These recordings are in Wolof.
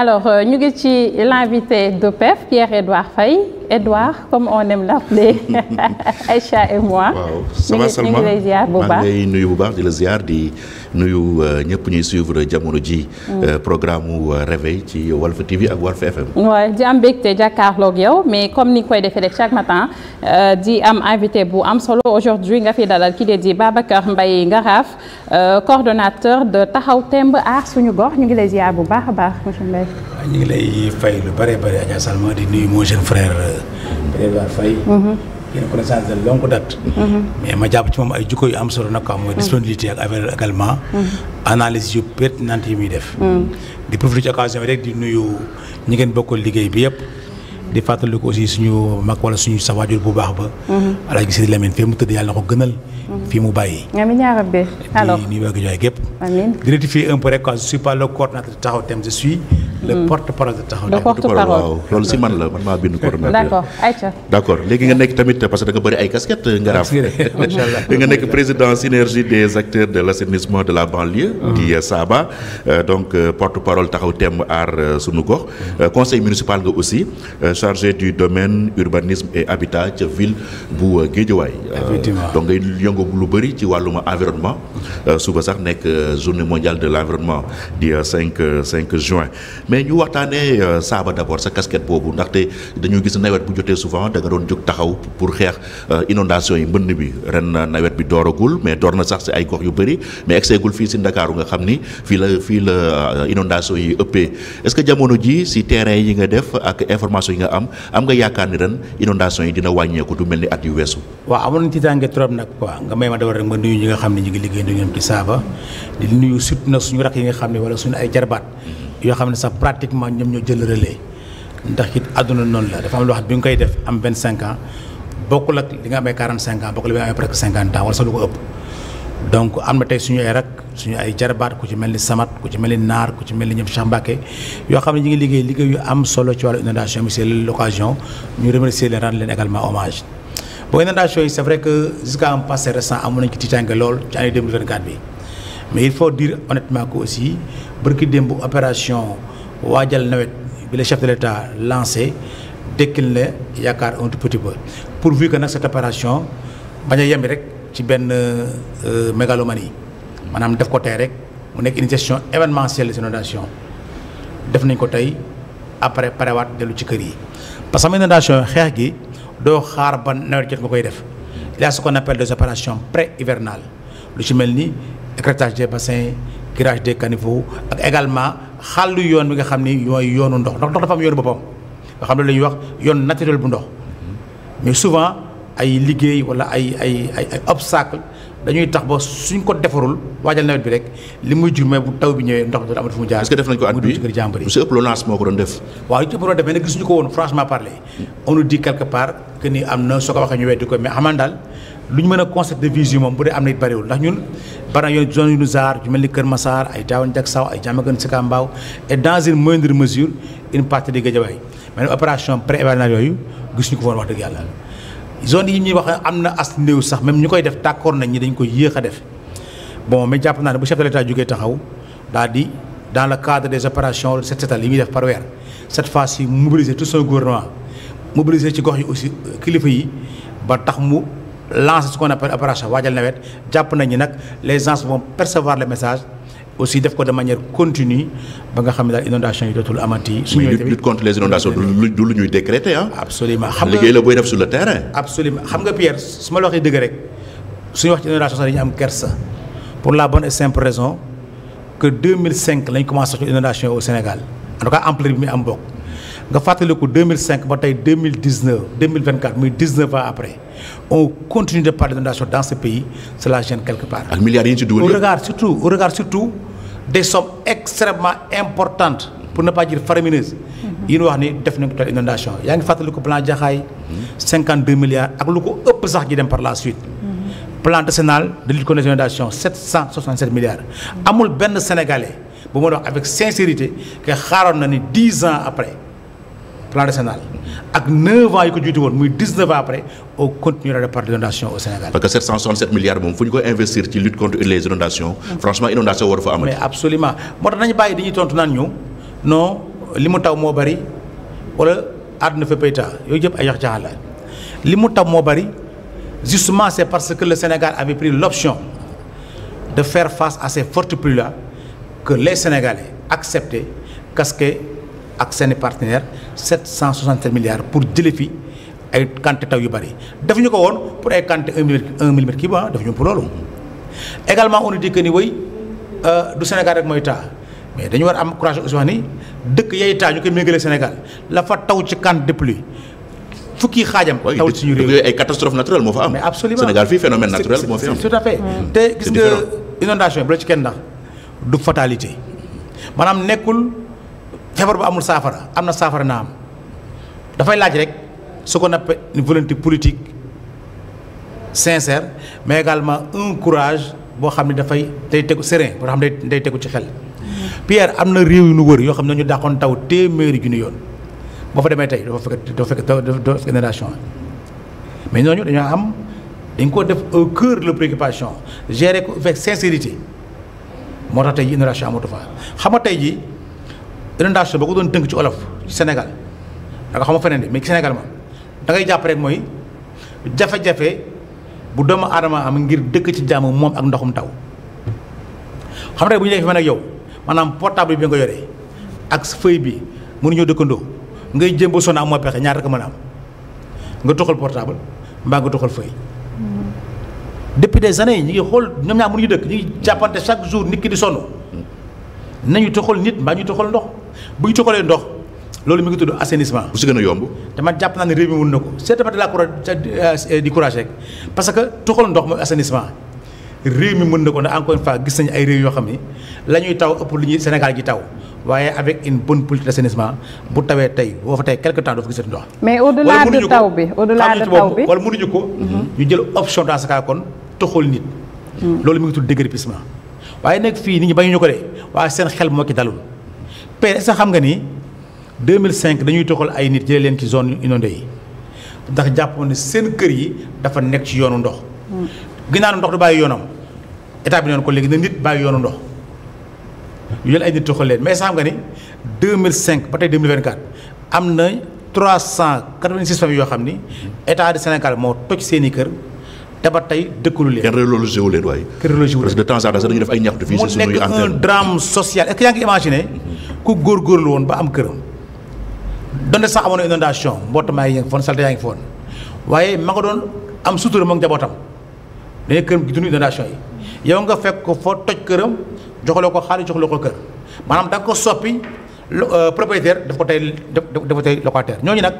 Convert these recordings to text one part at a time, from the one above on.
alors euh, ñu ngi ci l'invité d'OPEF Pierre-Édouard Faye Edouard comme on aime ay Aïcha et moi. waaw maa ngi nuyu bu baax di la ziar di nuyu euh, ñëpp ñuy suivre jamono ji. Mm. Euh, programme mu euh, réveil ci Walf TV ak Walf FM. waaw di am jàkkaarloog yow mais comme ni ñu koy defee rek chaque matin di am invité bu am solo aujourd'hui nga fi dalal ki de di Babacar Mbaye Ngaraaf coordonnateur de Taxaw Temb Aar Suñu Gox ñu ngi lay ziar bu baax a baax monsieur Mbaye. ngi lay fay lu bëree bëri Adja Salma di nuyu mon jeune frère. Préva Faye une mm-hmm. connaissance de longue date mm-hmm. mais ma jàpp ci moom ay jikko yu am solo nag quoi mooy mm-hmm. disponibilité ak affaire également analyse yu pertinente yi muy def di profiter ci occasion bi rek di nuyu ñi ngeen liggéey bi yëpp di fàttaliku aussi suñu mag wala suñu sa waajur bu baax ba. Mhm. Alaaji Sidi Lamine fii mu tëdd yàlla ko gënal. Mhm. fii mu bàyyi. amiin yaa di nuyu waa Guédiawaye gépp. amiin di rectifier un peu rek quoi je suis pas le coordonnateur Taxawu Thème mhm. loolu si man la man maa bind coordonnateur. d'accord léegi nga nekk tamit parce que da nga bëri ay casquettes euh, nga raaf. incha allah nga nekk président synergie des acteurs de l'assainissement de la banlieue. di euh, Saba euh, donc porte-parole taxaw Thème aar sunu gox conseil municipal nga aussi chargé du domaine urbanisme et habitat ca ville bu Guédiawaye euh, donc ngay yëngu lu bëri ci wàllum environnement euh, suba sax nekk euh, journée mondiale de l'environnement di 5 5 juin mais ñu waxtaanee saaba d'abord sa casquette boobu ndaxte dañu gis nawet bu jotee souvent da nga doon jóg taxaw pour xeex inondation yi mbënn bi ren nawet bi dooragul mais door na sax si ay gox yu bëri mais egseegul fii si Ndakaaru nga xam ni fii la fii la inondation yi ëppee est jamono ji si terrain yi nga def ak information yi nga am am nga yaakaar ni ren inondation yi dina wàññeeku du mel ni at yu weesu. waaw amoon nañu ci trop nag quoi nga may ma dawal rek ma nuyu ñi nga xam ne ñu ngi liggéey ñu ñoom ci saaba di nuyu suñu rakk yi nga xam ne wala suñu ay jarbaat mm-hmm. yoo xam ne sax pratiquement ñoom ñoo jël relais ndax it àdduna noonu la dafa am loo xam bi nga koy def am 25 ans bokkul ak li nga amee 45 ans bokkul ak li nga amee presque 50 ans wala sax lu ko ëpp donc am na tey suñu ay rak suñu ay jarabaat ku ci mel ni Samat ku ci mel ni Naar ku ci mel ni ñoom Cheikh Mbacke yoo xam ne ñu ngi liggéey liggéeyu am solo ci wàllu inondation bi c'est l'occasion ñu remercier leen rendre leen également hommage. boo inondation yi c'est vrai que jusqu'à un passé récent amoon nañu ci tiitaange lool ci année 2024 bi mais il faut dire honnêtement que aussi barki démb opération jal nawet bi la chef de l'État lancé dekkil na yaakaar un tout petit peu pourvu que nag cette opération a yem rek. ci benn euh, mégalomanie maanaam def ko tey rek mu nekk une gestion événementielle des inondations def nañ ko tey après parewaat dellu ci kër yi parce que am inondation xeex gi doo xaar ba nawet jot nga koy def il y a ce qu'on appelle des opérations pré hivernales lu ci mel ni écrêtage des bassins curage des caniveaux ak également xàllu yoon bi nga xam ni mooy yoonu ndox ndox dafa am yoonu boppam nga xam ne la ñuy wax yoon naturel bu ndox mais souvent ay liggéey wala ay ay ay ay obstacle dañuy tax ba suñ ko defarul waajal nawet bi rek li muy jur mais bu taw bi ñëwee ndox mi dana amatu fu mu jaar. est-ce que def nañ ko at ni am na soo ko waxee ñu weddi ko mais xamaan ñu a constater de moom bu dee am na it bëriwul ndax ñun bari ni Kër Massar ay Tivaouane Diacksao ay Diamaguène Sicap Mbao et dans une moindre mesure une partie de Guédiawaye mais opération pré ko woon wax dëgg yàlla zone yi ñuy wax am na as néew sax même ñu koy def d'accord nañ ñi dañ koy yéex a def bon mais jàpp naa ne bu chef de l'État jógee taxaw daal di dans le cadre des opérations de set setal yi ñuy def par weer cette fois-ci mobiliser tout son gouvernement mobiliser ci gox yi aussi euh, kilifa yi ba tax mu lancer ce qu'on appelle opération waajal nawet jàpp nañ ñi nag les gens vont percevoir le message aussi def ko de manière continue ba nga xam ne daal inondation yi dootul amati. suñu yooyu lutte du lu ñuy décréter ah. absolument xam nga liggéey la booy def sur le terrain. absolument xam nga Pierre su ma la waxee dëgg rek suñu wax ci inondation sax dañu am kersa pour la bonne et simple raison que 2005 lañ commencé wax ci inondation au Sénégal en tout cas ampleur bi mu am bokk. nga fàttaliku 2005 ba tey 2019 2024 muy 19 ans après on continue de parler d'inondation dans ce pays cela gêne quelque part. ak milliards yi ñu ci dugal au regard surtout pour ne pas dire faramineuses. yi wax ni def nañ ko toll inondation yaa ngi fàttaliku plan Jaxaay. 52 milliards ak lu ko ëpp sax ji dem par la suite. plan décennal de lutte contre les inondations 767 milliards. amul benn sénégalais bu ma wax avec sincérité que xaaroon na ni 10 ans après. plan décennal ak 9 yi ko jiitu woon muy 19 ans après on continuera de parler d'inondation au Sénégal. parce que 767 milliards moom fu ñu ko investir ci lutte contre les inondations. franchement inondation waru fa amati. moo tax nañu bàyyi dañuy tontu naan ñu non li mu taw moo bari walla àdduna fa payta yooyu yëpp ay yax jaaxal la li mu taw moo bari justement c'est parce que le Sénégal avait pris l'option de faire face à ces forte pluies là que que ak seeni partenaire 767 milliards pour jële fi ay quantité taw yu bari dafa ñu ko woon pour ay quantité 1 millimètre 1 millimètre cube ah dafa ñu pour loolu également on dit que way euh, du Sénégal rek mooy taa mais dañu war am courage aussi wax ni dëkk yay taa ñu koy méngale Sénégal la fa taw ci quantité de pluie fukki xaajam. taw ci ñu réew ay catastrophe naturelle moo fa am. mais absolument Sénégal fii phénomène naturel moo fi am. tout à fait mm. te gis nga inondation bi la ci kenn ndax du fatalité feebar bu amul saafara am na saafara na am dafay laaj rek ce qu'on appelle une volonté politique sincère mais encourage boo xam ne dafay tey tegu serein boo xam ne day tegu ci xel. Pierre am na réew yu nu wër yoo xam ne ñu dàqoon taw téeméeri junni yoon boo fa demee tey doo fekk doo fekk doo fekk génération mais ñooñu dañoo am dañ ko def au cœur de la préoccupation gérer ko avec sincérité moo tax tey jii génération amatu fa xam nga tey jii. inondation boo ko doon tënk ci olof ci Sénégal da nga ma feneen de mais ci Sénégal moom da ngay jàpp rek mooy jafe-jafe bu doomu aadama am ngir dëkk ci jàmm moom ak ndoxum taw xam rek bu ñu man yow maanaam portable bi nga ko yoree ak feuille bi mënuñoo dëkkandoo ngay jéem ba moo pexe ñaar rek mën a am nga toxal portable mbaa nga toxal feuille depuis des années ñu ngi xool ñoom ñaar ñu dëkk ñu ngi jàppante chaque jour nit ki di sonn nañu toxal nit mbaa ñu toxal ndox. bu ñu cokalee ndox loolu mu ngi tudd assainissement. bu si gën a yomb. dama jàpp naa ne réew mi wun na ko c'est dama la courage euh, di courage rek parce que toxal ndox mooy assainissement réew mi mën na ko ne encore une gis nañu ay réew yoo xam ni la ñuy taw ëpp lu ñuy Sénégal gi taw. waaye avec une bonne politique d'assainissement bu tawee tey boo fa tey quelque temps doo fa gisati ndox. mais au delà de taw bi au delà taw bi wala mënuñu ko mhm. ñu jël option dans ce cas kon toxal nit. Mhm. loolu mu ngi tudd déguerpissement waaye nekk fii nit ñi bañuñu ko de waaye seen xel moo ki dalul. PDS sax xam nga ni 2005 dañuy toxal ay nit jëlee leen ci zone inondée yi ndax jàppoon ne seen kër yi dafa nekk ci yoonu ndox. Mm. ginnaaw ndox du bàyyi yoonam état bi noonu ko léegi na nit bàyyi yoonu ndox ñu jël ay nit toxal leen mais sax xam nga ni 2005 ba tey 2024 am na 386 familles yoo xam ni état du Sénégal moo toj seen i kër. te ba tey dëkkalu leen. kenn relogé wu leen waaye. kenn relogé wu leen parce que de def ay ñaxtu fii. mu nekk un drame ku góorgóorlu woon ba am këram donte sax amoon na inondation mboota maa ngi foon salte yaa ngi foon waaye ma nga doon am sutura moom njabootam dañuy këram gi dund inondation yi yow nga fekk ko foo toj këram joxaloo ko xaalis joxaloo ko kër maanaam da nga ko soppi euh, propriétaire daf ko tey daf ko tey locataire ñooñu nag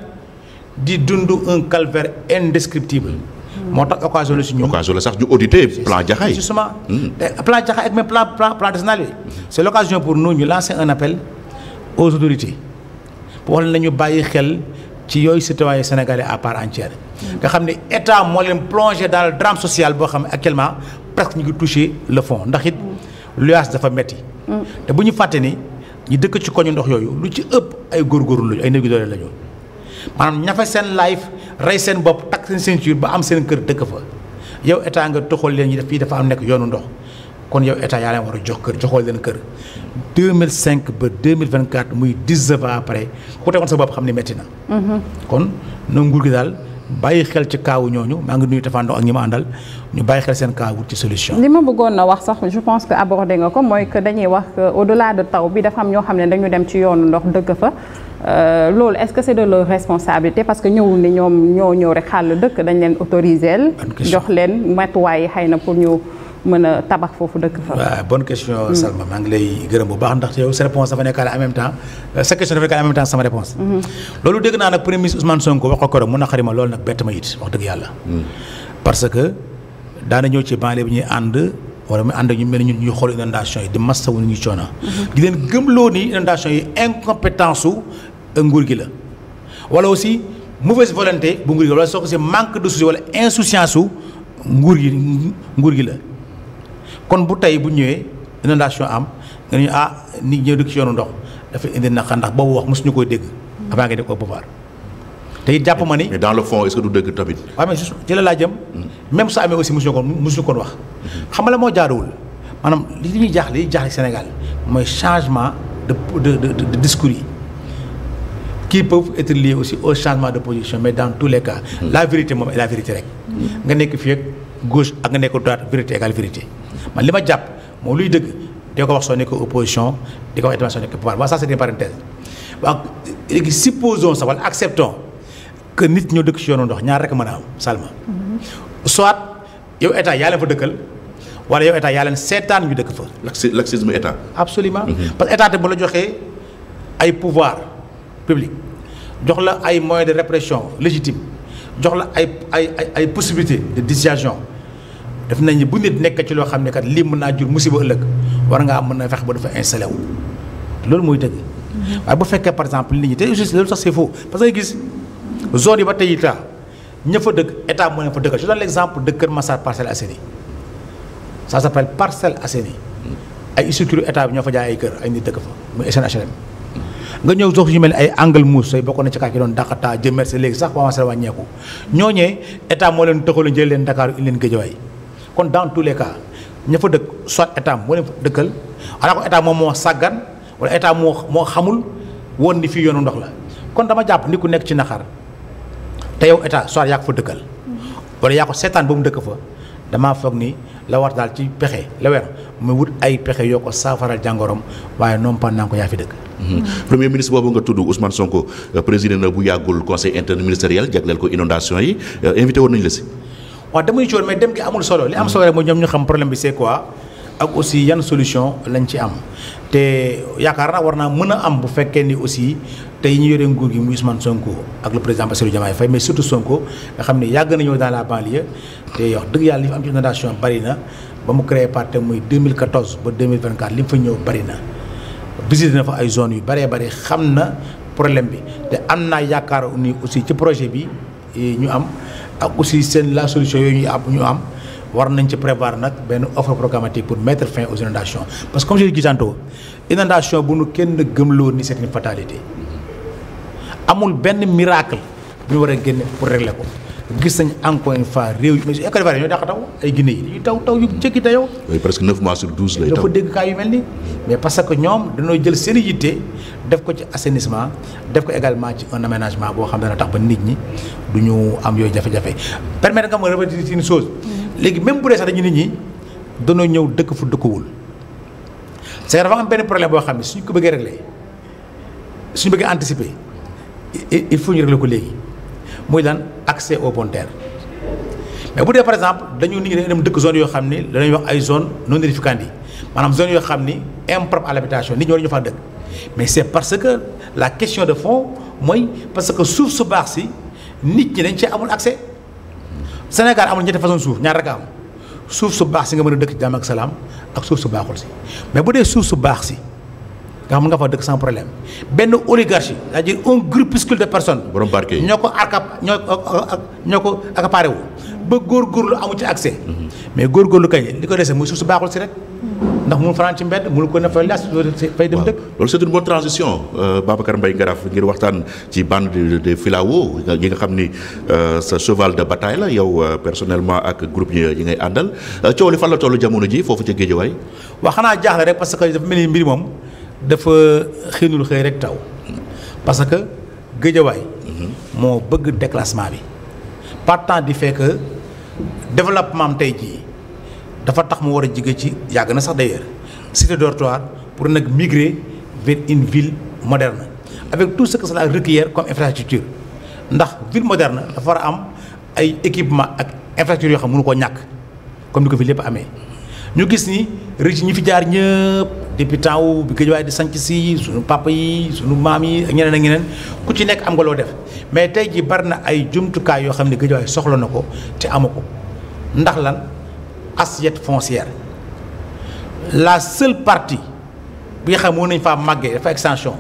di dund un calvaire indescriptible moo tax occasion la si sax ñu auditer plan Jaxaay. justement hmm. plan Jaxaay ak même plan plan plan décennal yooyu. c' est pour nous ñu lancer un appel aux autorités pour wax nañu bàyyi xel ci yooyu citoyen sénégalais à part entière. nga xam ne état moo leen plongé dans drame social boo xam ne actuellement presque ñu ngi touché le fond ndax it luyaas dafa metti mm. te bu ñu fàtte ni ñu dëkk ci koñu ndox yooyu lu ci ëpp ay góor lañu ay néegu doole lañu maanaam rey seen bopp takk seen ceinture ba am seen kër dëkk fa yow état nga toxal leen ñi def fii dafa am nekk yoonu ndox kon yow état yaa leen war a jox kër joxoo leen kër 2005 ba 2024 muy 19 ans après ku tegoon sa bopp xam ne métti na. Mm-hmm. kon na nguur gi daal bàyyi xel ci kaawu ñooñu maa ngi nuyu Tafando ak ñi ma àndal ñu bàyyi xel seen kaawu ci solution. li ma bëggoon na wax sax je pense que abordé nga ko mooy que dañuy ne dañu dem ci yoonu ndox dëgg fa. Euh, loolu est-ce que c'est de leur responsabilité parce que ñëwul ni ñoom ñoo ñëw rek xàll dëkk dañ leen autoriseel jox leen matuwaay yi xëy na pour a tabax foofu dëkk fa. waaw mm. sa réponse dafa nekkaale en même temps euh, sa question dafa nekkaale en même temps sama réponse mm-hmm. loolu dégg naa nag premier ministre Ousmane wax ko keroog mun na xarima loolu nag bett ma it wax dëgg yàlla. Mm. parce que daana ñëw ci banlieue bi ñuy ànd. wala mu ànd ak ñu mel ni xool inondation yi di masawu ñu coono. Mm-hmm. di leen gëmloo ni inondation yi incompétence nguur gi la wala aussi mauvaise volonté bu nguur gi wala soo ko si manque de souci wala insouciance su nguur gi nguur gi la kon bu tey bu ñëwee inondation am nga ñu ah nit ñëw dëkk ci yoonu ndox dafa indi naqar ndax boobu wax mosuñu koy dégg avant nga def ko pouvoir tey jàpp ma ni. mais dans le fond est que du dëgg tamit. waaw mais ci la laa jëm. Hmm. même su amee aussi mu ko mosuñu ko wax. Hmm. xam nga la moo jaaduwul maanaam li ñuy jaaxle li ñuy jaaxle Sénégal mooy changement de de de kii peuvent être liées aussi au changement de position mais dans tous les cas. Hmm. la vérité moom la vérité rek. nga nekk fii ak gauche ak nga nekk droite vérité égale vérité man li ma jàpp moom luy dëgg di ko wax soo nekk opposition di ko wax itam soo nekk pouvoir waaw ça c'est une parenthèse waaw léegi supposons ça wala que nit ñoo dëkk ci yoonu ndox ñaar rek mën a am salma mm-hmm. soit yow état yaa leen fa dëkkal. wala yow état yaa leen seetaan ñu dëkk fa. laxisme état. absolument mm-hmm. parce que publique jox la ay moyens de répression légitime jox la ay ay ay possibilités de dissuasion def nañ bu nit nekk ci loo xam ne kat lii mën naa jur musiba ëllëg war ngaa mën na fex ba dafa installé wu loolu mooy dëgg. Mhm. waaye bu fekkee par exemple nit ñi te juste loolu sax c'est faux parce que gis zone yi ba tey itam ña fa dëkk état moo leen fa dëkkal Kër Massar Parcelles Assainies ça s'appelle Parcelles Assainies mhm. ay structure état bi ñoo fa jaay ay kër ay nit dëkk fa muy SNHLM. nga ñëw sox yu mel ay angle mousse say bokk na ci kaa ki doon daqataa jëmercé léegi sax commencé wàññeeku ñooñee état moo leen tëxalu jël leen Dakar indi leen Guédiawaye kon dans tous les cas ña fa dëkk soit état moo dëkkal ala état moom moo sàggan wala état moo moo xamul woon ni fii yoonu ndox la kon dama jàpp ni ku nekk ci naxar te yow état soit yaa ko fa dëkkal mm-hmm. wala yaa ko seetaan ba mu dëkk fa damaa foog ni la war daal ci pexe la weer wut ay pexe yoo ko saafaral jàngoroom waaye non pas ko yaa fi dëkk Mhm. premier ministre boobu nga tudd Ousmane Sonko euh, président na bu yàggul conseil interministériel jagleel ko inondation yi euh, invité woon nañu la si. waaw damay jóor mais dem gi amul solo li am solo rek mooy ñoom ñu xam problème bi c'est quoi ak aussi yan solution lañ ci am te yaakaar naa war naa mën a am bu fekkee ni aussi tey ñu yore nguur gi muy Ousmane Sonko ak le président Bassirou Diomaye Faye mais surtout Sonko nga xam ne yàgg nañoo dans la banlieue te wax dëgg yàlla li fi am ci inondation bari na ba mu créé parti muy 2014 ba 2024 li mu fa ñëw bari na. visité na fa ay zones yu bëree bëri xam na problème bi te am naa yaakaar ni aussi ci projet bi eh, ñu am ak aussi seen la solution yooyu ñu am ñu am war nañ ci prévoir nag benn offre programmatique pour mettre fin aux inondations parce que comme je l'ai dit tantôt inondation bu nu kenn gëmloo ni c'est une fatalité amul benn miracle bu ñu war a génne pour régler ko gis nañ encore une fois réew yi mais su école ñoo dàq taw ay Guinée yi dañuy taw taw yu jéggi dayoo. oui presque 9 mois sur 12 lay taw dafa dégg kaa yu mel nii. mais parce que ñoom dañoo jël seen i yitte def ko ci assainissement def ko également ci un aménagement boo xam ne dana tax ba nit ñi du ñu am yooyu jafe-jafe. permettre nga ma revenir ci une chose. Mm. léegi même bu dee sax dañu nit ñi danoo ñëw dëkk fu dëkkuwul. c'est dafa am benn problème boo xam ne suñ ko bëggee régler suñu bëggee anticiper il faut ñu régler ko léegi. muy lan accès aux bonnes terres mais bu dee par exemple dañu nit ñi dem dëkk zone yoo xam ni danañ wax ay zone non aedificandi maanaam zone yoo xam ni impropre à l'habitation nit ñi war ñu faa dëkk mais c'est parce que la question de fond mooy parce que suuf su baax si nit ñi dañ cee amul accès Sénégal amul ñetti façon suuf ñaar rek am suuf su baax si nga mën a dëkk ci jàmm ak salaam ak suuf su baaxul si mais bu dee suuf su baax si nga xam nga fa dëkk sans problème benn oligarchie c'est-à-dire un groupuscule de personnes. ñoo ko arcap ñoo euh, euh, ñoo ko accaparé wu. ba góorgóorlu amu ci accès. Mhm. mais góorgóorlu kañ li ko dese muy suuf su baaxul si rek. Mhm. ndax mu fanaan ci mbedd mënu ko ne fay las fay dem dëkk loolu c'est une bonne transition euh, Babacar Mbaye Ngaraf ngir waxtaan ci bande de filao ñi nga xam ni sa cheval de bataille la yow personnellement ak groupe yi ngay àndal coow li fan la tollu jamono ji foofu ca Géejawaay. waaw xanaa jaaxle rek parce que dafa mel ni mbir moom. dafa xëynul xëy rek taw parce que géejawaay moo bëgg déclassement bi partant du fait développement am tey jii dafa tax mu war a jige ci yàgg na sax d'ailleurs cité dortoir pour nag migrer vers une ville moderne avec tout ce que cela requiert comme infrastructure ndax ville moderne dafa war a am ay équipement ak infrastructure yoo xam mënu koo ñàkk comme ni ko fi lépp amee ñu gis ni rëcc ñi fi jaar ñëpp depuis temps wu bi gëj waaye di sanc si suñu papa yi suñu maam yi ak ñeneen ak ñeneen ku ci nekk am nga loo def mais tey ji bari na ay jumtukaay yoo xam ne gëj waaye soxla na ko te amu ndax lan assiette foncière la seule parti bi nga xam moo nañ faa màggee dafa extension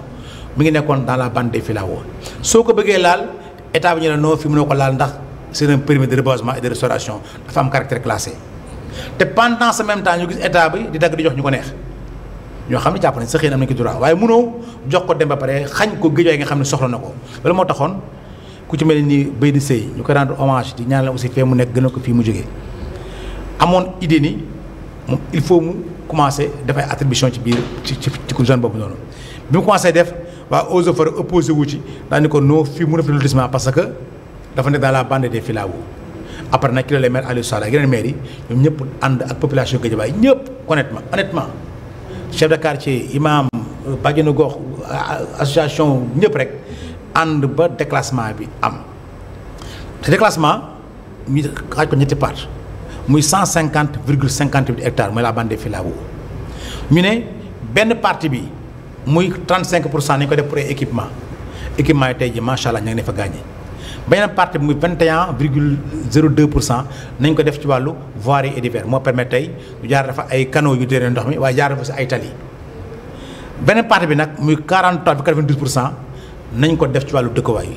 mi ngi nekkoon dans la bande des filaos soo ko bëggee laal état bi ñu ne non fi mënoo ko laal ndax c'est un permis de reboisement et de restauration dafa te pendant ce même temps ñu gis état bi di dagg di jox ñu ko neex ñoo xam ne jàpp nañ sa na ki nañ droit waaye mënoo jox ko dem ba pare xañ ko géej waaye nga xam ne soxla na ko loolu moo taxoon ku ci mel ni bay di sëy ñu ko rendre hommage di ñaan la aussi fee mu nekk gën a ko fii mu jógee amoon idée ni mu il faut mu commencer dafay attribution ci biir ci ci ci zone boobu noonu bi mu commencé def waa eaux et forêts opposé wu ci daañu ko non fii mu def parce que dafa nekk dans la bande des filao après na ki la les maires Aliou Sall ak yeneen maires yi ñoom ñëpp ànd ak population Guédiawaye ñëpp honnêtement honnêtement chef de quartier imam bàjjenu gox association ñëpp rek ànd ba déclassement bi am te déclassement ñu xaaj ko ñetti part muy cent cinquante virgule cinquante huit hectares mooy la bande filao ñu ne benn parti bi muy trente cinq pour cent nañ ko def pour équipement équipement yi tey ji macha allah ña ngi ne fa gaañee beneen partie bi muy 21 virgule 02 pour cent nañ ko def ci wàllu voirie et divers moo permettre tey ñu jaar dafa ay canaux yu téere ndox mi waaye jaar dafa si ay tali beneen partie bi nag muy 43 bi 92 pour cent nañ ko def ci wàllu dëkk yi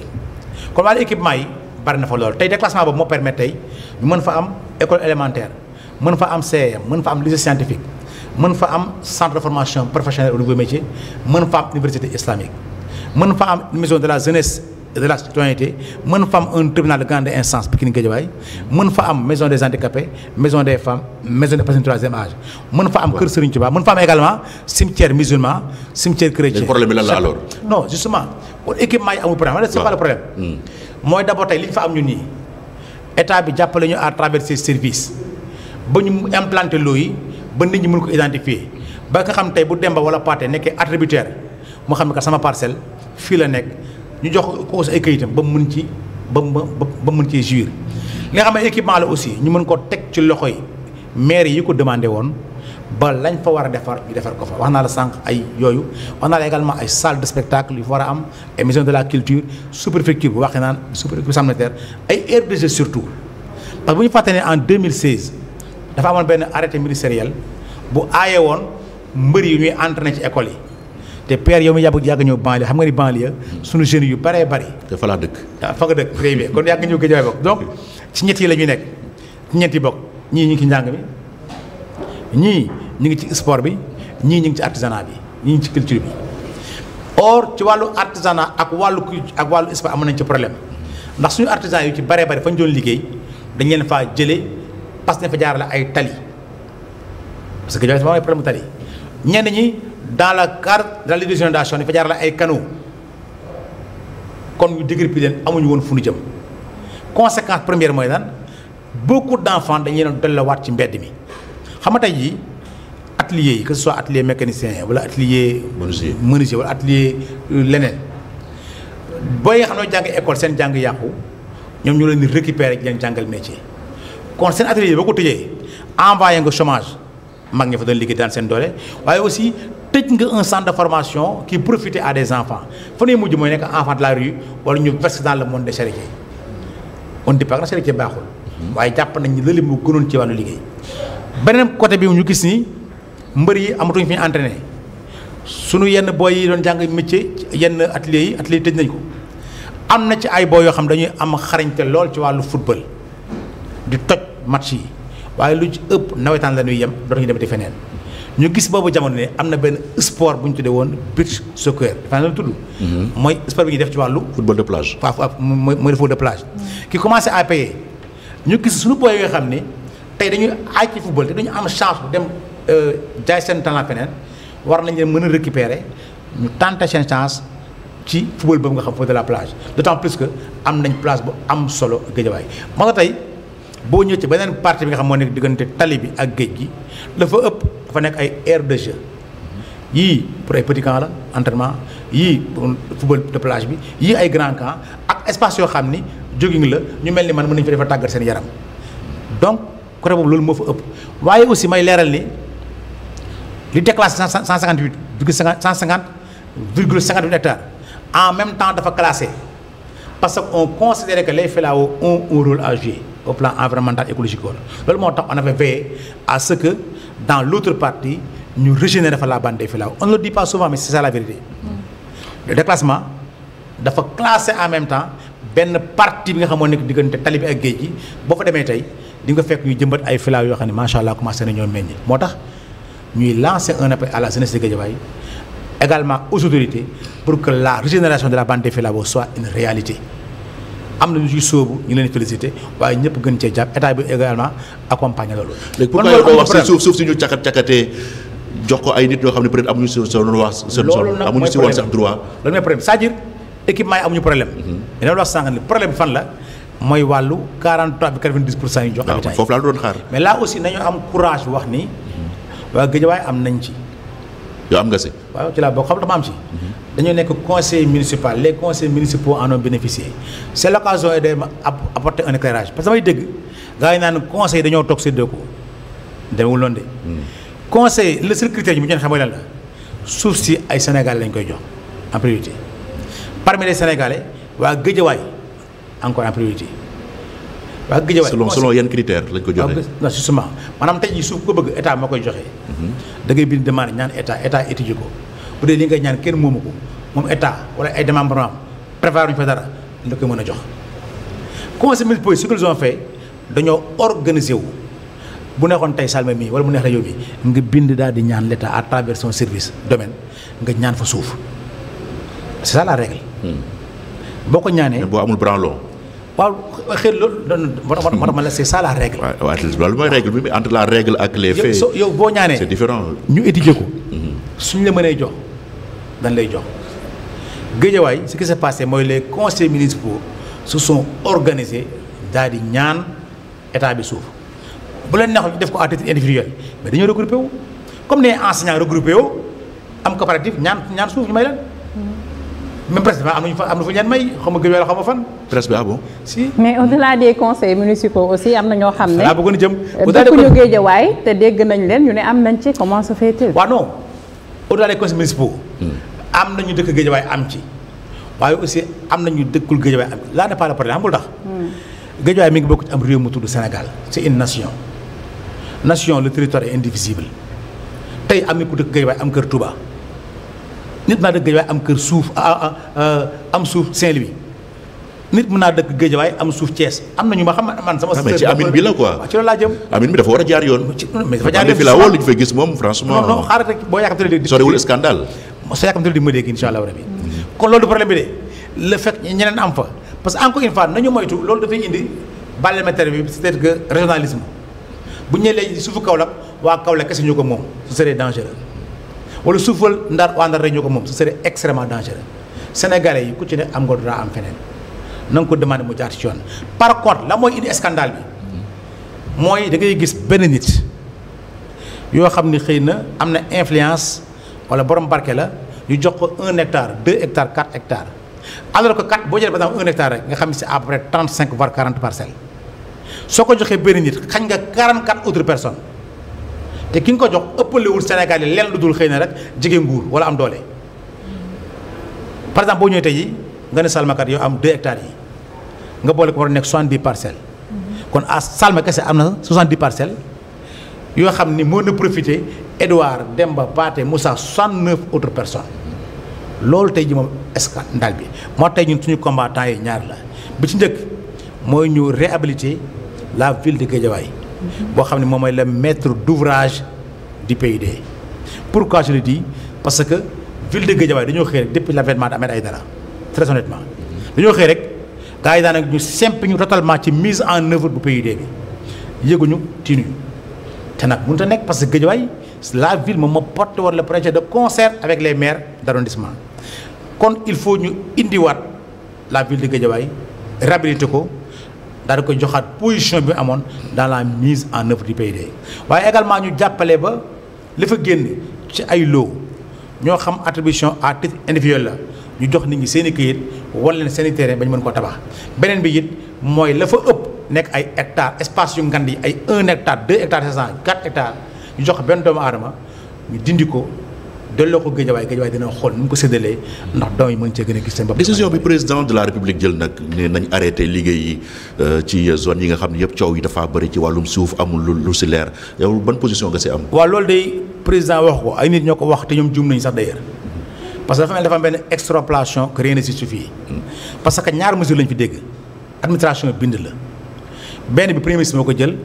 kon wàllu équipement yi bari na fa lool tey déclassement boobu moo permettre tey ñu mën fa am école élémentaire mën fa am CEM mën fa am lycée scientifique mën fa am centre de formation professionnelle au niveau métier mën fa am université islamique mën fa am maison de la jeunesse de la citoyenneté mën fa am un tribunal de grande instance Pikine Guédiawaye mën fa am maison des handicapés maison des femmes maison des personnes troisième âge mën fa am kër Serigne Touba mën fa am également cimetière musulman cimetière chrétien problème bi lan la alors non justement pour équipement yi amul problème hmm. mooy d'abord tey li ñu fa am ñun nii état bi jàppale ñu à travers ses ba ñu implanté loo yi ba nit ñi mën ko identifier ba nga xam tey bu Demba wala Pathé nekkee attributaire mu xam ne que sama parcelle fii la nekk ñu jox ko ay kayitam ba mu mun ci ba mu ba mën cee jouir li xam ne équipement la aussi ñu mën ko teg ci loxo yi maire yi ko demande woon ba lañ fa war a defar ñu defar ko fa wax naa la sànq ay yooyu wax naa la également ay salle de spectacle yu fa war a am ay maison de la culture sous-préfecture bu waxee naan sous-préfecture sanitaire ay RDG surtout parce que bu ñu fàtte ne en 2016 dafa amoon benn arrêté ministériel bu aaye woon mbër yi ñuy entraîné ci école yi. te père yow mi yàgg yàgg ñëw banlieue xam nga ni banlieue suñu jeunes yu baree bari te fa laa dëkk waaw fa nga dëkk ci ñett yi la ñuy nekk ci ñett bokk ñii ñu ngi ci njàng ñii ñu ngi ci sport bi ñii ñu ngi ci artisanat bi ñii ñu ngi ci culture bi or ci wàllu artisanat ak wàllu ak wàllu sport amoon nañ ci problème ndax suñu artisan yu ci baree bari fañ doon liggéey dañ leen faa jëlee parce que dañ jaar la ay tali parce que jaay sama problème tali ñenn ñi dans le cadre de la inondation dafa jaarale ay canaux kon ñu dégrippi leen amuñu woon fu ñu jëm conséquence première mooy lan beaucoup d' enfants dañu leen delluwaat ci mbedd mi xam nga tey jii ateliers yi que ce soit atelier mécanicien wala atelier. menuisier menuisier wala atelier euh, leneen booy nga xam ne jàng école seen jàng yàqu ñoom ñu leen di récupérer di leen jàngal métier kon seen atelier yi boo ko tëjee envoyé nga chomage mag ñi fa doon liggéey daan seen doole waaye aussi. tëj nga un centre de formation qui profité à des enfants fa nuy mujj mooy nekk enfant de la rue wala ñu verse dans le monde des charité on dit pas que baaxul waaye jàpp nañ ni lële mu gënoon ci wàllu liggéey beneen côté bi ñu gis nii mbër yi amatuñ fi ñu entraîné sunu yenn booy yi doon jàng métier yenn ateliers yi ateliers tëj nañ ko am na ci ay booy yoo xam dañuy am xarañte lool ci wàllu football di toj match yi waaye lu ci ëpp nawetaan la ñuy yem dootuñu demati feneen. ñu gis boobu jamono ne am na benn sport bu ñu tuddee woon beach soccer dafa la tudd. Mhm. mooy sport bi ñuy def ci wàllu. football de plage. waaw mooy mooy football de plage. Mhm. ki commencé à payer ñu gis suñu boy yoo xam ne tey dañuy aaj ci football te dañu am chance bu dem euh, jaay seen talent feneen war nañ leen mën a récupérer ñu tenté seen chance ci football boobu nga xam foofu de la plage d'autant plus que am nañ place bu am solo Guédiawaye moo tax tey boo ñëw ci beneen partie bi nga xam moo nekk diggante tali bi ak géej gi dafa ëpp. dafa nekk ay aire de jeu yii pour ay petit la entraînement yii football de plage bi yii ay grand camp ak espace yoo xam ni jogging la ñu mel ni man mën nañu fa defa tàggat seen yaram donc côté boobu loolu moo fa ëpp waaye aussi may leeral ni li déclassé cent cinquante huit virgule cent cinquante virgule cinquante huit hectares en même temps dafa classé parce que on considérait que les FELAO ont un rôle à jouer au plan environnemental écologique loolu moo tax on avait veillé à ce dans l'autre partie ñu régénérer fa la bande des filaos on ne le dit pas souvent mais c'est ça la vérité mm. le déclassement dafa classer en même temps benn partie bi nga xamoon nekk diggante tali bi ak géej gi boo fa demee tey di nga fekk ñuy jëmbat ay filao yoo xam ne macha allah commencé nañoo meññ moo tax ñuy lancer un appel à la jeunesse de Guédiawaye également aux pour que la régénération de la bande des filaos soit une réalité am na ñu ci sóobu ñu leen félicité waaye ñëpp gën cee jàpp état bi également accompagné loolu. léegi pour ko wax suuf suuf si ñu càkkat jox ko ay nit ñoo xam ne peut être amuñu si seen droit seen sol amuñu si woon sax droit. loolu mooy problème c'est-à-dire équipement yi amuñu problème. Mhm. mais loolu wax sànq ni problème fan la mooy wàllu 43 bi 90 pour cent yi jox. habitants ah, foofu laa doon xaar. mais là aussi nañu am courage wax ni waa Guédiawaye am nañ ci yow am nga si. waaw ci laa bokk xam dama am si. dañoo nekk conseil municipal les conseils municipaux en ont bénéficié c'est l'occasion de apporter un éclairage parce que damay dégg gars yi naan conseil dañoo toog séddoo ko demewul noonu de. conseil le seul critère bi ñu xam mooy lan la suuf si ay sénégalais lañ koy jox en priorité parmi les sénégalais waa Guédiawaye encore en priorité. waa Guédiawaye selon selon yan critère lañ ko joxee. non justement maanaam tey jii suuf ko bëgg état moo koy joxe. Mhm. da ngay bind demande ñaan état état étudier ko bu dee li nga ñaan kenn moomu ko moom état wala ay démembrement prévoir ñu fa dara la koy mën a jox. conseil municipal ce qu'ils ont fait dañoo organiser wu bu neexoon tey Salma mii wala bu neex rajo bi nga bind daal di ñaan l' état à travers son service domaine nga ñaan fa suuf c' est hmm. boo ko ñaanee boo amul branlon. waaw xëy na loolu ma la c'est ça la règle. waaw loolu mooy règle bi entre la règle ak les faits. yow boo ñaanee ñu étudier ko. Mm-hmm. suñ la mënee jox dañ lay jox. Guédiawaye ce qui s'est passé mooy les conseils municipaux se sont organisés daal di ñaan état bi suuf bu leen neexoon ñu def ko à titre individuel mais dañoo regroupé wu comme nee enseignants regroupé wu am coopérative ñaan ñaan suuf ñu may leen. mais presse bi am nañu fa am na fu ñaan may xam nga gëj wala xam nga fan. am na ñoo xam ne. ah bëgg na jëm dëkkuñu Géejawaay te dégg nañ leen ñu ne am nañ ci comment se fait-il. waaw non au delà des conseils municipaux. Hmm. am nañu dëkk Géejawaay am ci. waaye aussi am ñu dëkkul Géejawaay am ci laa ne pas le problème tax. Hmm. Géejawaay mi ngi bokk ci am réew mu tudd Sénégal c' est une nation nation le territoire est indivisible tey am na ku dëkk Géejawaay am kër Touba. nit mën naa dëkk géejawaay am kër suuf am suuf Saint-Louis nit mën naa dëkk géejawaay am suuf Thiès am na ñu ma xam man sama. Ah, sër ci amin la quoi ci loolu ñeneen am fa parce que encore moytu loolu dafay indi balemètre bi cest à que régionalisme bu ñu nee léegi suufu Kaolack waa Kaolack kese ñu ko moom ce serait dangereux wala suufal ndar waa ndar rek ñoo ko moom ce serait extrêmement dangereux sénégalais yi ku ci ne am nga droit am feneen na ko demande mu jaar ci yoon par contre la mooy indi scandale bi mooy da ngay gis benn nit yoo xam ni xëy na am na influence wala borom barke la ñu jox ko un hectare deux hectares quatre hectares alors que kat boo jëlee par un hectare rek nga xam ne c'est à peu près trente cinq voire quarante parcelles soo ko joxee benn nit xañ nga quarante quatre autres personnes. te ki nga ko jox ëppalewul Sénégal yi lenn lu dul xëy na rek jigéen nguur wala am doole par exemple boo ñëwee tey yi nga ne salmakat yow am 2 hectares yi nga boole ko war a nekk 70 parcelles kon à salma kese am na 70 parcelles yoo xam ni moo na profité Edouard Demba Pathé Moussa 69 autres personnes loolu tey ji moom scandale bi moo tey ñun suñu combattant yi ñaar la bi ci njëkk mooy ñu réhabiliter la ville de Guédiawaye boo xam ne moom mooy le maître d'ouvrage di PUD. pour je le parce que ville de Guédiawaye dañoo xëy rek depuis l'avènement d'Ahmed Aïdara très honnêtement dañoo xëy rek gars yi daanaka ñu semp ñu totalement ci mise en œuvre bu PUD bi yëguñu tiinuñu te nag mun te nekk parce que Guédiawaye la ville moom ma porté woon le projet de concert avec les maires darondissement kon il faut ñu indiwaat la ville de Guédiawaye réhabilité ko. daal di ko joxaat position bi amoon dans la mise en œuvre du PID waaye également ñu jàppale ba li fa génn ci ay loo ñoo xam attribution à titre individuel la ñu jox nit ñi seen i këyit wala leen seen i terrain ba ñu mën ko tabax beneen bi it mooy la fa ëpp nekk ay hectares espace yu ngand yi ay 1 hectare de hectares 500 4 hectares ñu jox benn doomu aadama ñu dindi ko. delloo ko géejawaay géejawaay dina xool nu mu ko séddalee ndax doom yi mën cee gën a gis seen bopp. décision bi président de la république jël nag ne nañ arrêté liggéey yi euh, ci zone yi nga xam ne yëpp coow yi dafa bëri ci wàllum suuf amul lu lu si leer yow ban position nga si am. waa loolu day président wax ko ay nit ñoo ko wax te ñoom jum nañu sax d'ailleurs parce que dafa mel dafa am benn extrapolation que rien ne suffit parce que ñaar mesure lañ fi dégg administration bind la benn bi premier ko jël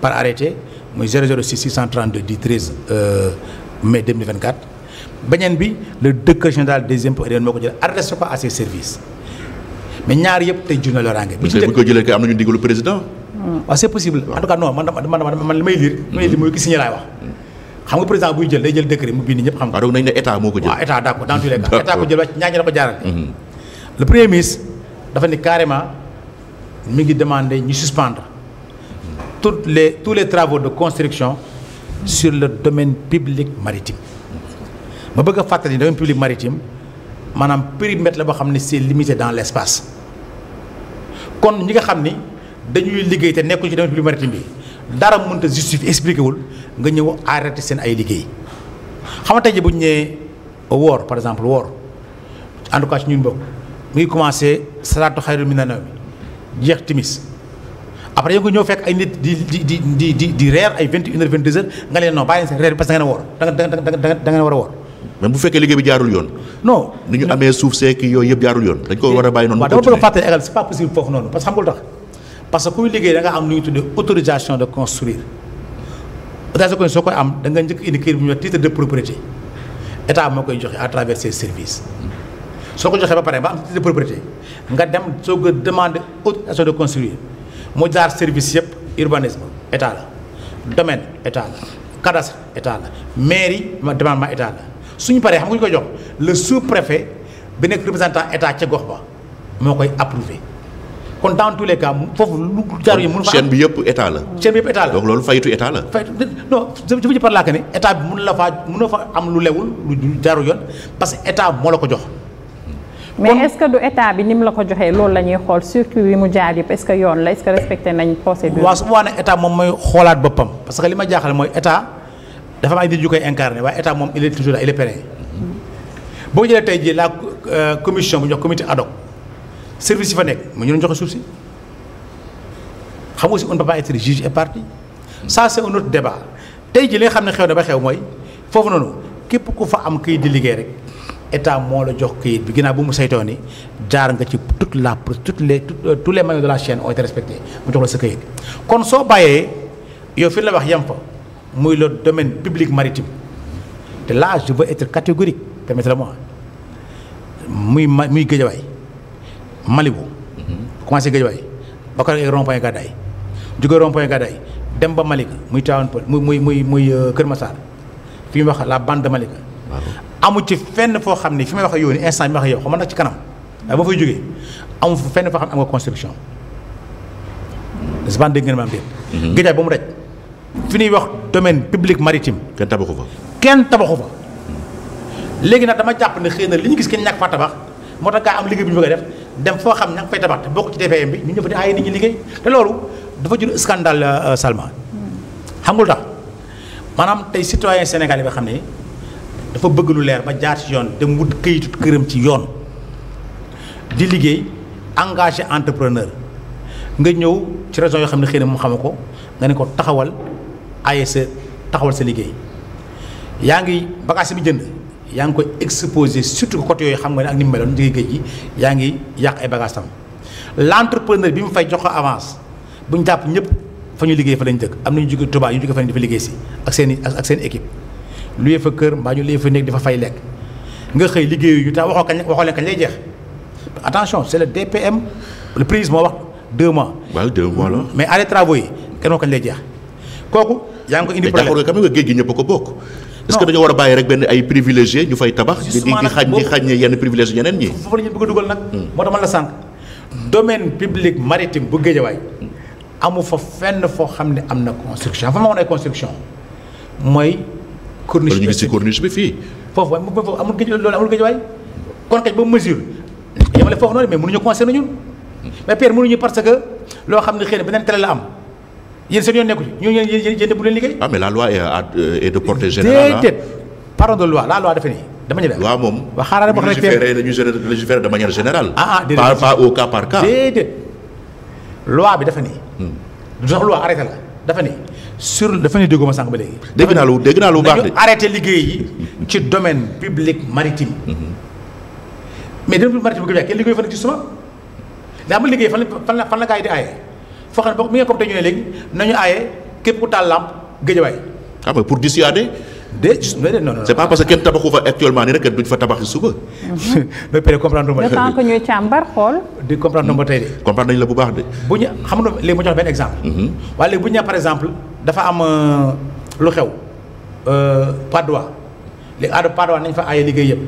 par arrêté muy 006 632 10 13 mai 2024. beneen bi le directeur général des impôts et domaines moo ko jël adressé ko à ses services mais ñaar yëpp tey jur na loraange. bu ñu ko jëlee kay am nañu ndigalu président. waaw hmm. ah, c'est possible en tout cas non man man man li may liir. may liir mooy ki wax. xam nga président buy jël day jël décret mu bind ñëpp xam nga. waaw ah, donc nañ ne état moo ko jël. waaw ah, état d' accord dans ko jël wàcc ñaar ñi la ko jaarale. Hmm. le premier ministre dafa ni carrément mi ngi demandé ñu suspendre toutes les tous les travaux de construction sur le domaine public maritime. ma bëgg a fàttali domaine public maritime maanaam périmètre la boo xam ne c'est limité dans l'espace kon ñi nga xam ni dañuy liggéey te nekkul ci domaine public maritime bi dara mënut a justifier wul nga ñëw arrêté seen ay liggéey xam nga tey jii bu ñu nee woor par exemple woor en tout cas ci ñun ngi commencé salaatu xayrun mina nawm jeex timis après yow nga ñëw fekk ay nit di di di di di reer ay nga leen non bàyyi seen reer bi parce que a woor da nga war a woor. mais bu fekkee liggéey bi jaarul yoon. non ni ñu amee suuf seek yooyu yëpp jaarul yoon. dañ ko war a bàyyi noonu. continué waaw dama bëgg a fàttali égal am lu ñuy tuddee de construire autorisation de soo koy am da nga njëkk indi kayit bu ñoo wax titre de propriété état moo koy joxe à travers ses services. soo ko joxee ba pare ba am titre de propriété nga dem soo ko demander autorisation de construire mu jaar service yëpp urbanisme état la domaine état la cadastre état la mairie ma demande ma état la. suñu paree xam nga ñu koy jox le sous-préfet bi nekk représentant état ca gox ba moo koy approuvé kon dans tous les cas foofu lu jaar yi mun fa chaîne bi yëpp état la. loolu faytu état la. faytu non la faa mën na fa am lu lewul lu jaaru yoon parce que état moo la ko jox. mais est ce que du état bi ni mu la ko joxee loolu la ñuy xool circuit bi mu jaar yëpp est ce que yoon la est ce que respecté nañ procédure. waaw su boobaa nag état moom mooy xoolaat boppam parce que li ma jaaxale mooy état. dafa am ay nit yu koy incarné waaye état moom il est toujours là il est périn boo jëlee tey jii la euh, commission bu jox comité ad hoc service fa nekk mu ñu doon joxe suuf si xam nga aussi on ne peut juge et partie ça c' est un autre débat tey jii li xam ne xew na ba xew mooy foofu noonu képp ku fa am këyit di liggéey rek état moo la jox këyit bi ginnaaw bu mu saytoo ni jaar nga ci tout la toutes les euh, tous les maillons de la chaîne ont été respectés mu jox la sa kon soo bàyyee yow fi la wax yem muy le domaine public maritime te là je veux être catégorique permettez-le-moi muy ma muy Guédiawaye Malibu. commencé Guédiawaye ba ko rek rond-point Gadaye jóge rond-point Gadaye dem ba Malika muy Tivaouane Peulh muy muy muy euh, Kër Massar fi mu wax la bande de Malika. amu ci fenn foo xam ne fi may wax ak yow nii instant bi ma wax yow xam nag ci kanam. waaye ba fay jógee amu fenn foo xam ne am nga construction. n'est-ce ngeen ma am déet. Mm-hmm. ba fi ñuy wax domaine public maritime. kenn tabaxu fa. kenn tabaxu fa léegi nag dama jàpp ne xëy na li ñu gis kenn ñàkk fa tabax moo tax gaa am liggéey bu ñu bëgg a def dem foo xam ña nga fay tabax te bokk ci DPM bi ñu ñëw fa di aaye nit ñi liggéey te loolu dafa jur scandale euh, Salma. xamul nga tax maanaam tey sitoyen sénégalais bi xam ne dafa bëgg lu leer ba jaar ci yoon dem wut këyitu këram ci yoon di liggéey engagé entrepreneur nga ñëw ci raison yoo xam ne xëy na moom xam ko nga ne ko taxawal. aaye sa taxawal sa liggéey yaa ngi bagage bi jënd yaa ngi koy exposé surtout côté yooyu xam nga ne ak ni mu meloon liggéey géej gi yaa ngi yàq ay bagage tam l' bi mu fay jox ko avance bu ñu jàpp ñëpp fa ñu liggéey fa lañ dëkk am nañu jóge Tuubaa ñu jóge fa ne dafa liggéey si ak seen i lu seen équipe luyee fa kër mbaa ñu luyee fa nekk dafa fay lekk nga xëy liggéeyu yu tax waxoo kañ waxoo leen kañ lay jeex attention c' est le DPM le prise moo wax deux mois. waaw deux mois mais arrêt travaux yi kenn waxoo jeex kooku. yaa ngi ko indi problème quand même nga géej gi ñëpp ko bokk est que dañoo war a bàyyi rek benn ay privilégié ñu fay tabax di xañ di xañ yenn privilégié ñeneen ñi foofu la ñu bëgg a dugal nag hmm. moo tax man la sànq domaine public maritime bu Guédiawaye amu fa fenn foo xam ne am na construction fa mooy corniche ñu ngi si bi fii foofu waaye foofu amul géej loolu amul Guédiawaye kon kay ba mesure yamale foofu noonu mais mënuñu concerné ñun mais Pierre mënuñu parce que loo xam ne xëy na beneen télé la am yéen seen yoon nekku ci ñoo yéen yéen yéen bu leen liggéey. ah mais la loi est est de portée générale. déedéet pardon de loi la loi dafa nii dama ñu la. waaw moom wax xaaral wax rek légiférer la ñu légiférer de manière générale. ah ah déedéet pas pas au cas par cas. déedéet loi bi dafa nii. Hmm. du sax loi arrêté la dafa nii sur dafa nii dégguma sànq ba léegi. dégg naa lu dégg naa lu baax de arrêté liggéey yi ci domaine public maritime. Hmm. mais domaine public maritime bu ko jaay kenn liggéey fan la ci suma daa ma liggéey fan la fan la fan la gars yi di aaye. foo xam ne boo mi ngeen ko tey ñu ne léegi nañu aaye képp ku taal làmp géejawaay. Ah, xam nga pour dissuader. de non non non c'est pas parce que kenn tabaxu fa actuellement nii rek duñ fa tabax suba. ba pare comprendre lu ma. le temps que ñuy càmbar xool. di comprendre lu tey de. Hmm. comprendre nañ la bu baax de. bu ñu xam nga léegi ma jox benn exemple. Hmm. wala léegi bu ñu dafa am euh, lu xew euh, Padois léegi aada Padois nañ fa aaye liggéey yëpp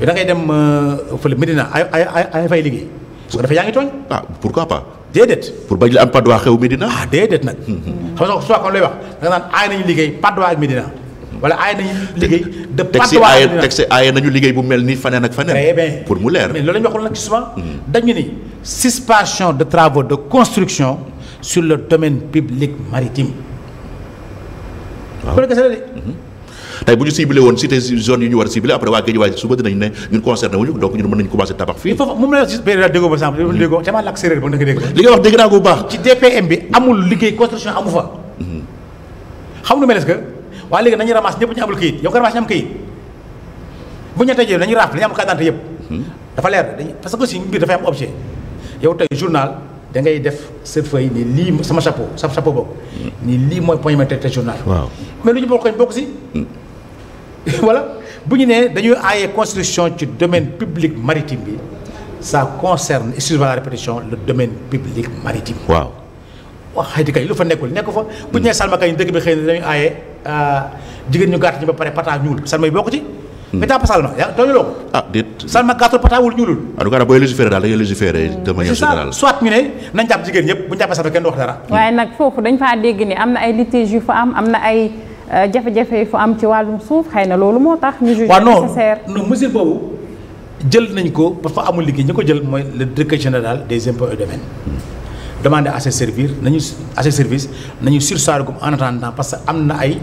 yow da ngay dem euh, fële Medina ay ay ay fay liggéey. parce que dafa yaa ngi tooñ. ah déedéet. pour bañ la am Patte xew Medina. Ah, déedéet nag. Hmm, hmm. xam nga soo ko lay wax da nga naan aay nañu liggéey Patte d'Oie ak Medina. wala aay nañu liggéey. de Patte d'Oie ak nañu liggéey bu mel ni faneen ak faneen. Eh pour mu leer mais loolu la ñu waxoon nag souvent. Hmm. dañu ni suspension de travaux de construction sur le domaine public maritime. tey bu ñu ciblé woon cité zone yi ñu war a ciblé après waa Guédiawaye suba dinañ ba sànq déggoo ca ma nañu ramasse ñëpp ñu amul ñu am kayit bu ñu tëjee dañuy raaf dañu am carte d'identité yëpp mhm. dafa leer dañ parce que aussi mbir dafay am objet yow tey journal da ngay def sa feuille ni lii sama chapeau sa chapeau boobu mhm. ni lii mooy point météo journal mais lu ñu bokk koñ bokk si mhm. voilà bu ñu nee dañuy aaye constitution ci domaine public maritime bi ça concerne excusez-moi la répétition le domaine public maritime. waaw. wax xayti kay lu fa nekkul nekk fa bu ñu nee hmm. salma kay dëkk bi na dañuy aaye euh, ñu gàtt ba pare pata ñuul salma yi bokk ci. Hmm. mais daa salma yaa tooñuloo ko. ah déet salma gàttul pataawul ñuulul. en tout cas booy légiférer daal da ngay légiférer hmm. de manière soit ñu ne nañ jàpp jigéen ñëpp bu ñu salma kenn du dara. waaye nag foofu dañ faa dégg jafe-jafe yi fu am ci wàllum suuf xëy na loolu moo tax. ñu jugé nécessaire waaw non non mesure boobu jël nañ ko ba fa amul liggéey ñi ko jël mooy le directeur général des impôts et domaines. demander à ses services nañu à ses services nañu surseoir ko en parce que am na ay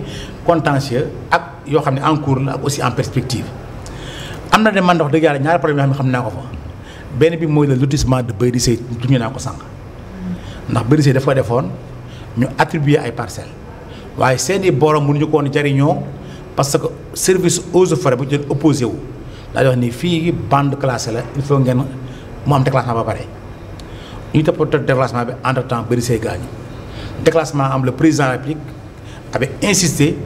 contentieux ak yoo xam ne en cours la ak aussi en perspective am na de man wax yàlla ñaari problème yoo xam ne naa ko fa benn bi mooy le lotissement de Béyricey du ñu naa ko sànq ndax Béyricey dafa defoon ñu attribuer ay parcelles. waaye seeni borom mënuñu ko woon jariñoo parce que service eaux et forêts bu ñu doon opposé wu daa di wax ni fii bande classée la il faut ngeen mu am déclassement ba pare ñu toppatoo déclassement bi entre temps bëri see gaañu déclassement am le président de la République insisté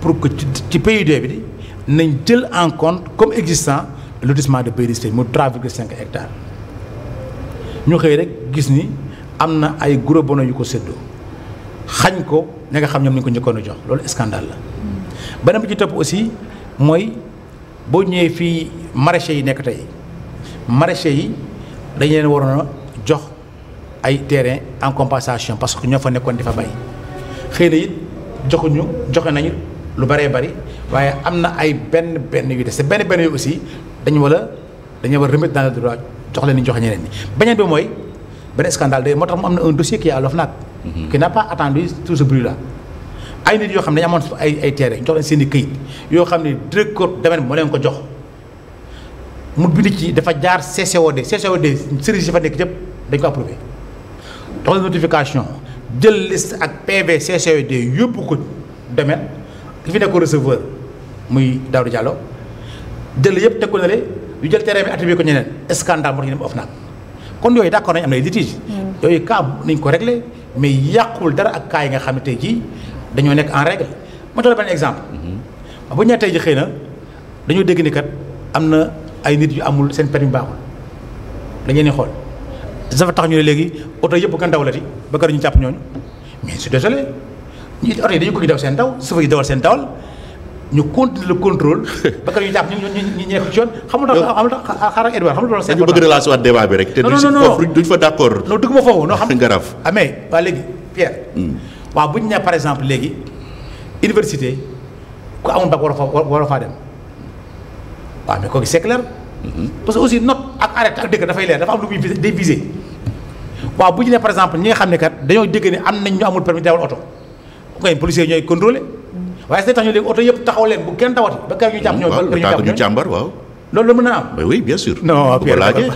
pour que ci PUD bi nañ jël en contre comme existant lotissement de PUDC mu 3,5 hectares ñu xëy rek gis ni am na ay gros bonheur yu ko séddoo. xañ ko ña nga xam ñoom ñu ko njëkkoon a jox loolu scandale la. beneen bi ci topp aussi mooy boo ñëwee fii maraîchers yi nekk tey maraîchers yi dañ leen waroon a jox ay terrain en compensation parce que ñoo fa nekkoon di fa bay xëy na it joxuñu joxe nañ lu bëree bari waaye am na ay benn benn yu des te benn benn yu aussi dañu wala dañu war remettre dans le droit jox leen ni jox ñeneen ñi beneen bi mooy. benn scandale day moo tax mu am na un dossier qui est à l'OFNAC mhm. qui n'a pas attendu ay nit yoo xam ne dañu amoon ay ay terre ñu jox leen seen i këyit yoo xam ne directeur domaine bi moo leen ko jox mu bind ci dafa jaar CCOD CCOD service yi fa nekk yëpp dañ ko approuvé jox leen notification jël liste ak PV CCOD yóbbu ko domaine ki fi nekk ko receveur muy Daouda Diallo jël yëpp teg ko ne le yu jël terrain bi attribué ko ñeneen scandale moo tax ñu dem kon yooyu d'accord nañ am nay litige hmm. yooyu cas nañ ko réglé mais yàqul dara ak cas yi nga xam ne tey jii dañoo nekk en règle ma jox la benn exemple hmm. bu ñu tey ji xëy na dañoo dégg ni kat am na ay nit yu amul seen permis baaxul dañu ni xool dafa tax ñu ne léegi oto yëpp nga dawlati ba kër ñu jàpp ñooñu mais su suis désolé ñu oto yi dañu ko daw seen daw sufa yi dawal seen dawal ñu continuer le contrôle ba kër yu jàpp ñu ñu ñu ñu ci yoon xam nga xam nga xaaral Edouard xam nga dañu bëgg relation ak débat bi rek. te duñ si foofu duñ fa d' accord. non dugg ma foofu noo xam nga raf. ah mais waa léegi Pierre. Hmm. waaw bu ñu nee par exemple léegi université ku amul bac war a fa war a faa dem waaw mais kooku c' est clair. Hmm. parce que aussi note ak arrêté ak dëkk dafay leer dafa am lu muy day visé. waaw bu ñu nee par exemple ñi nga xam ne kat dañoo dégg ne am nañ ñu amul permis dawal oto ngay policiers ñooy contrôlé. waaye si tax ñu léegi oto yëpp taxaw leen bu kenn tawati ba kër ñu jàpp hmm, ñoo ñu jàpp ñu càmbar waaw loolu mën a am. mais oui bien sûr. non bu ko laajee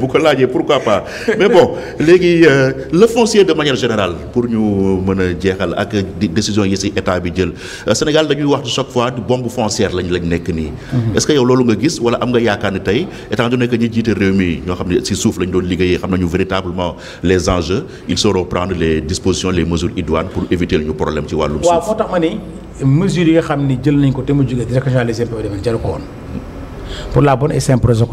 bu ko laajee pourquoi pas mais bon léegi euh, le foncier de manière générale pour ñu mën a jeexal ak décision yi ci état bi jël euh, Sénégal dañuy wax chaque fois du bombe foncière lañ lañ nekk nii. Mhm. est-ce que yow loolu nga gis walla am nga yaakaar ni tey étant donné que ñi jiite réew mi ñoo xam ne ci suuf lañ doon liggéeyee xam nañu véritablement les enjeux ils sauront prendre les dispositions les mesures idoines pour éviter ñu problème ci wàllum suuf. waaw mesures yi nga xam ni jël nañ ko te mu jugee direction des impôts domaines jaru ko woon pour la bonne et simple raison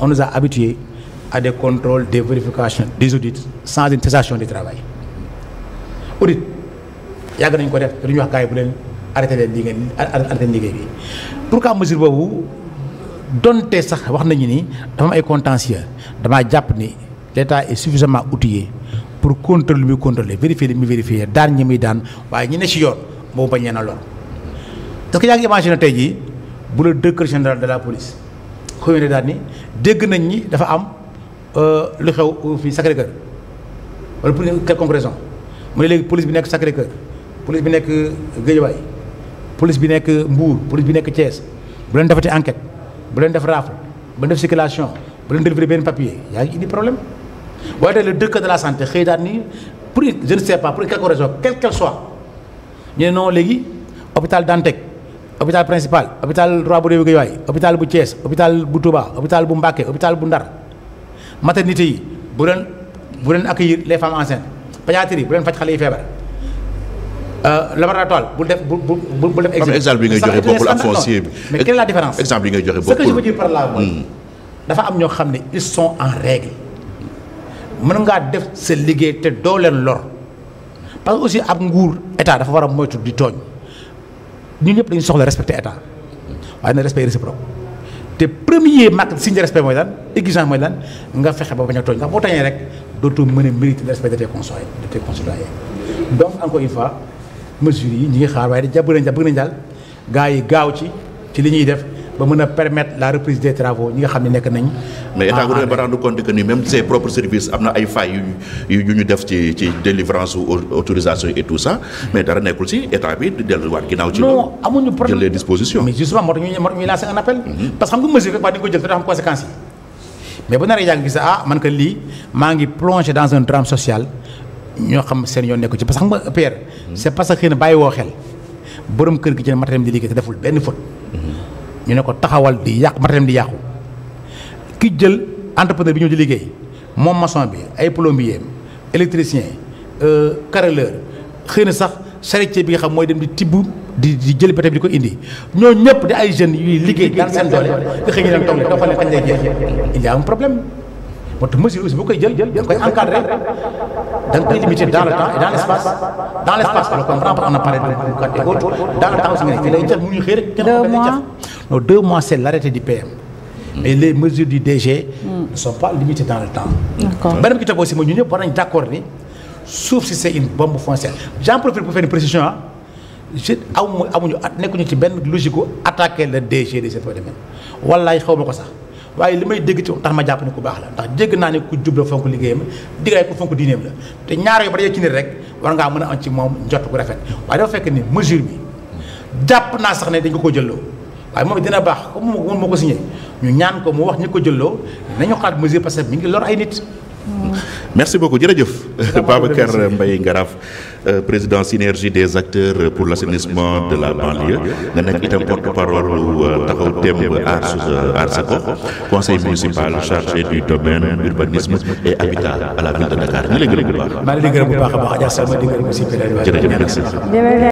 on nous a des contrôles des des audits sans une cessation du travail yàgg nañ ko def lu ñuy wax gars yi bu leen arrêté leen liggéey arrêté leen liggéey bi sax wax nañu ni dafa ay contentieux damaa jàpp ni l'État est suffisamment outillé pour contrôler lu muy contrôler vérifier li muy daan ñi muy daan waaye ñi ne ci yoon boo bañ leen a lor parce que yaa ngi imaginer tey jii bu la directeur général de la police xëy na daal ni dégg nañ ni dafa am euh, lu xew fii Sacré-Cœur wala pour quelconque raison mu ne léegi police bi nekk Sacré-Cœur police bi nekk Guédiawaye police bi nekk Mbour police bi nekk Thiès bu leen defati enquête bu leen def rafle bu leen def circulation bu leen délivrer benn papier yaa ngi indi problème waaye tey le directeur de santé xëy daal ni pour je ne sais pas ñu ne non léegi hôpital Dantec hôpital principal hôpital Roi bu Réew Guédiawaye hôpital bu Thiès opital bu Touba hôpital bu Mbacké hôpital bu Ndar maternité yi bu leen bu leen accueillir les femmes enceintes yi bu leen faj xale yi feebar. Euh, laboratoire bu def bul bul bul def. exemple bi ngay joxe bokkul ak foncier mais quelle est la différence. exemple yi ngay joxe bokkul ce que par là mooy. Hmm. dafa am ñoo xam ne ils sont en règle mën ngaa def sa liggéey te doo leen parce aussi ab nguur état dafa war a moytu di tooñ ñu ñëpp dañu soxla respecté état waaye ne respect réciproque te premier marque si de respect mooy lan exigence mooy lan nga fexe ba bañ a tooñ ndax boo tooñee rek dootoo mën a mérite le respect de tes concitoyens de tes concitoyens donc encore une fois mesures yi ñi ngi xaar waaye da jàpp nañ jàpp nañ daal gars yi gaaw ci ci li ñuy def ba mën a permettre la reprise des travaux ñi nga xam ne nekk nañ. mais état bu demee ba rendre compte que ni même ses propres services am na ay failles yu ñu def ci ci autorisation et tout ça mais dara nekkul si état bi di delluwaat ginnaaw. ci loolu amuñu problème jël les dispositions. mais justement moo tax ñu moo tax ñuy lancer un appel. Mhm. parce que xam nga mesure rek wax dañu ko jël te dafa am conséquences yi. mais bu naree jàng gis ah man que lii maa ngi plongé dans un drame social ñoo xam seen yoon nekku ci parce que xam nga Pierre. Mhm. c'est parce que xëy na bàyyi woo xel borom kër gi jël matériel di liggéey te benn faute. Mhm. ñu ne ko taxawal di yàq matériel di yàqu ki jël entrepreneur bi ñëw di liggéey moom maçon bi ay plombier électricien euh, carreleur xëy na sax charretier bi nga xam mooy dem di tibb di di jël ba di ko indi ñoo ñëpp di ay jeunes yuy liggéey daan seen doole nga xëy ñu dem toog dafa ne kañ lay jeex il y problème moo tax mesure aussi boo koy jël da koy encadré da nga koy limité dans le temps dans l' espace dans l' espace le temps aussi nga ne fii lay jaf mu ngi xëy rek kenn lay jaf non deux mois c' est l' arrêté du mais hmm. les mesures du DG hmm. ne sont pas limitées dans le temps beneen bi ci topp aussi mooy ñu ñëpp war nañ d' accord ni suuf si c' j' en profite pour faire une précision ah je amu amuñu nekkuñu ci benn logique attaquer le DG des Impôts et Domaines wallaay xaw ma ko sax waaye li may dégg ci tax ma jàpp ne ku baax la ndax dégg naa ne ku jub la fonk liggéeyam diggaay ku fonk diineem la te ñaar yu ba dajee ci nit rek war ngaa mën a am ci moom njot gu rafet waaye dafa fekk ni mesure bi jàpp naa sax ne dañ ko ko jëlloo waaye moom dina baax comme moom moo ko signé ñu ñaan ko mu wax ñi ko jëlloo nañu xalaat xaat parce que mi ngi lor ay nit merci beaucoup jërëjëf Babacar Mbaye Ngaraf euh, président synergie des acteurs pour l'assainissement de la banlieue nga nekk itam porte-parole euh, taxaw temb aar sa euh, gox conseil municipal chargé du domaine urbanisme et habitat à la ville de Dakar ñu ngi lay gërëm bu baax. ngi lay gërëm bu baax a baax Adja Sama di gërëm aussi jërëjëf merci.